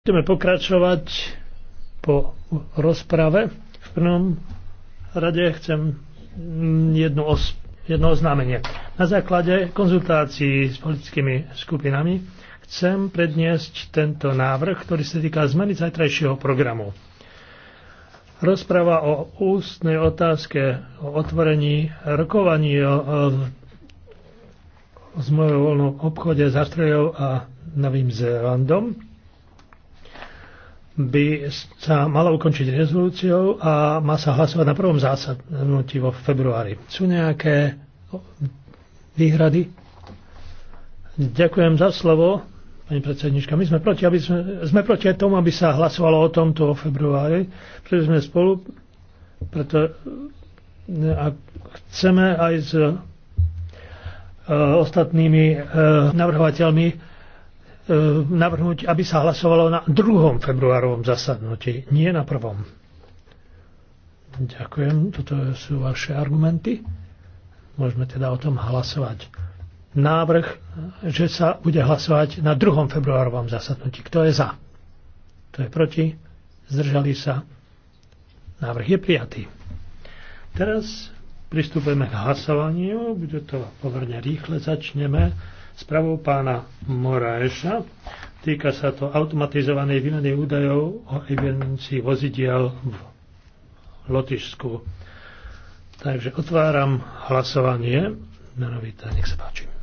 Budeme pokračovať po rozprave. V prvom rade chcem jedno, os- jedno oznámenie. Na základe konzultácií s politickými skupinami chcem predniesť tento návrh, ktorý sa týka zmeny zajtrajšieho programu. Rozprava o ústnej otázke o otvorení rokovaní o, o, o zmojou voľnom obchode s Australiou a Novým Zélandom by sa mala ukončiť rezolúciou a má sa hlasovať na prvom zásadnutí vo februári. Sú nejaké výhrady? Ďakujem za slovo, pani predsednička. My sme proti, aby sme, sme proti aj tomu, aby sa hlasovalo o tomto vo februári, pretože sme spolu, preto a chceme aj s e, ostatnými e, navrhovateľmi E, navrhnúť, aby sa hlasovalo na 2. februárovom zasadnutí, nie na 1. Ďakujem, toto sú vaše argumenty. Môžeme teda o tom hlasovať. Návrh, že sa bude hlasovať na 2. februárovom zasadnutí. Kto je za? Kto je proti? Zdržali sa? Návrh je prijatý. Teraz Pristúpime k hlasovaniu, bude to pomerne rýchle, začneme spravou pána Moraeša. Týka sa to automatizovanej výmeny údajov o evidencii vozidiel v Lotyšsku. Takže otváram hlasovanie. Menovité, nech sa páči.